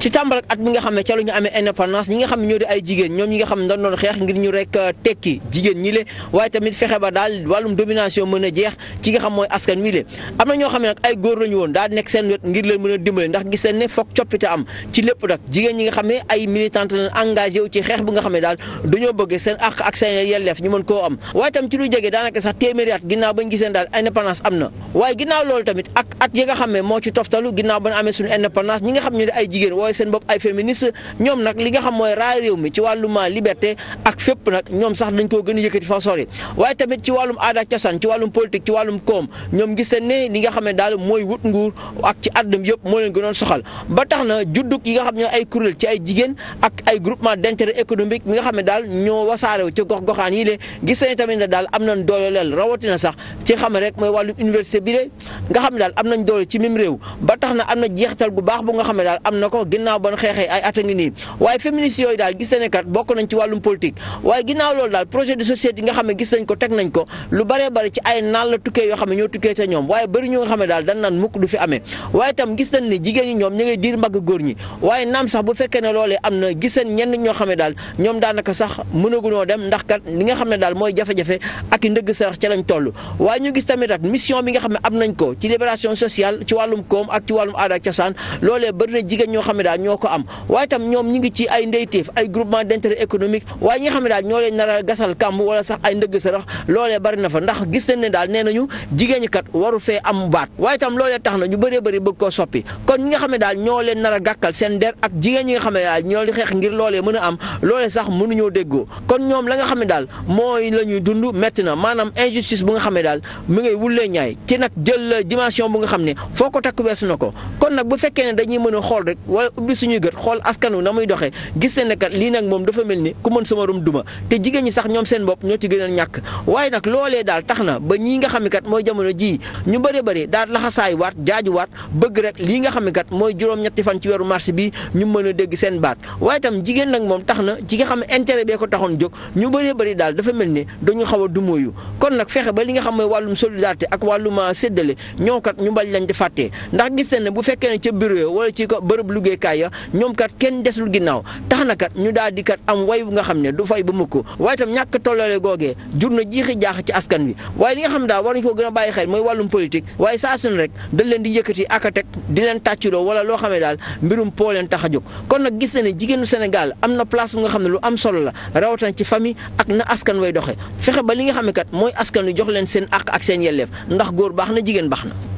ci tàmbal at bi nga xam ne ca la ñu amee indépendance ñi nga xam ne ñoo di ay jigéen ñoom ñi nga xam ne doon doon xeex ngir ñu rek euh, tekki jigéen ñi le waaye tamit fexe daal wàllum domination mën a jeex ci nga xam mooy askan wi le am na ñoo xam ne nag ay góor woon daal nekk seen wet ngir a dimbale ndax gis nañ ne foog coppite am ci lépp nag jigéen ñi nga xam ne ay militante lañ engagé wu ci xeex bu nga xam ne daal ñoo bëgg seen àq ak seen yelleef ñu mën koo am waaye tamit ci lu jege daanaka sax téeméeri at ginnaaw bañ na waaye ginnaaw loolu tamit moo ci toftalu ginnaaw bañ amee suñu indépendance woowee seen bopp ay féministes ñoom nag li nga xam mooy raay réew mi ci wàllum liberté ak fépp nag ñoom sax dañ koo gën a yëkkati fa sori waaye tamit ci wàllum aada ak cosaan ci wàllum politique ci wàllum koom ñoom gis ne li nga xam daal mooy wut nguur ak ci àdduna yëpp moo leen gënoon soxal ba tax na juddug yi nga xam ne ay kuréel ci ay jigéen ak ay groupement d'intérêt économique mi nga xam ne daal ñoo wasaarew ci gox goxaan yi le gis seen tamit ne daal bi le nga xam ne na am na jeexital bu ginnaaw ban xeexee ay at a ngi nii waaye féministes yooyu daal gis nañ ne kat bokk nañ ci wàllum politique waaye ginnaaw loolu daal projet de société nga xam gis nañ ko teg nañ ko lu baree bari ci ay naan la tukkee yoo xam ñoo tukkee ca ñoom waaye bëri ñu nga daal dañ mukk du fi amee waaye itam gis ne na ñoo xam daal ñoom daanaka sax mënagunoo dem ndax kat li nga daal mooy jafe-jafe ak i ndëgg sarax ca lañ waaye ñu gis tamit at mission bi nga xam ne am nañ ko ci libération sociale ci wàllum koom ak daal ñoo ko am waaye tam ñoom ñi ngi ci ay ndeyteef ay groupement d'intérêt économique waaye ñi nga daal ñoo leen nar a gasal kàmm wala sax ay ndëgg sarax loolee bari na fa ndax gis nañ ne daal nee nañu jigéen ñi kat waru fee am baat waaye tam loolee tax na ñu bëree bëri bëgg koo soppi kon ñi nga xam ne daal ñoo leen nar a gàkkal seen der ak jigéen ñi nga xam ne daal ñoo li xeex ngir loolee mën a am loolee sax mënuñoo déggoo kon ñoom la nga xam ne daal mooy la ñuy dund metti na maanaam injustice bu nga xam ne daal mu ngay wullee ñaay ci nag jël dimension bu nga xam ne foo ko takk weesu na ko ubbi suñuy gët xool askanu na muy doxee gis ne kat lii nag moom dafa mel ni ku mën sama rum duma te jigéen ñi sax ñoom seen bopp ñoo ci gën a ñàkk waaye nag loolee daal tax na ba ñii nga xam ne kat mooy jamono jii ñu bëri bëri daal laxasaay waat jaaju waat bëgg rek lii nga xam mooy juróom-ñetti fan ci weeru mars bi ñu mën a dégg seen baat waaye itam jigéen nag moom tax na ci nga xam ne intérêt bee ko taxoon jóg ñu bëree bëri daal dafa mel ni dañu xaw a dumóoyu kon nag fexe ba li nga xam mooy wàllum solidarité ak wàllum ah, séddale ñoo kat ñu mbal lañ di fàttee ndax gis ne bu fekkee ne jàngukaay ya ñoom kat kenn desul ginnaaw tax na kat ñu daal di kat am way bu nga xam ne du fay ba mukk waaye itam ñàkk tolloole googee jur na jiixi jaax ci askan wi waaye li nga xam daal war nañ ko gën a bàyyi xel mooy wàllum politique waaye saa suñu rek dañ leen di yëkkati ak a teg di leen tàccuroo wala loo xam ne daal mbirum poo leen tax a jóg kon nag gis na ne jigéenu Sénégal am na place bu nga xam ne lu am solo la rawatina ci famille ak na askan way doxe fexe ba li nga xam mooy askan wi jox leen seen àq ak seen yelleef ndax góor baax na jigéen baax na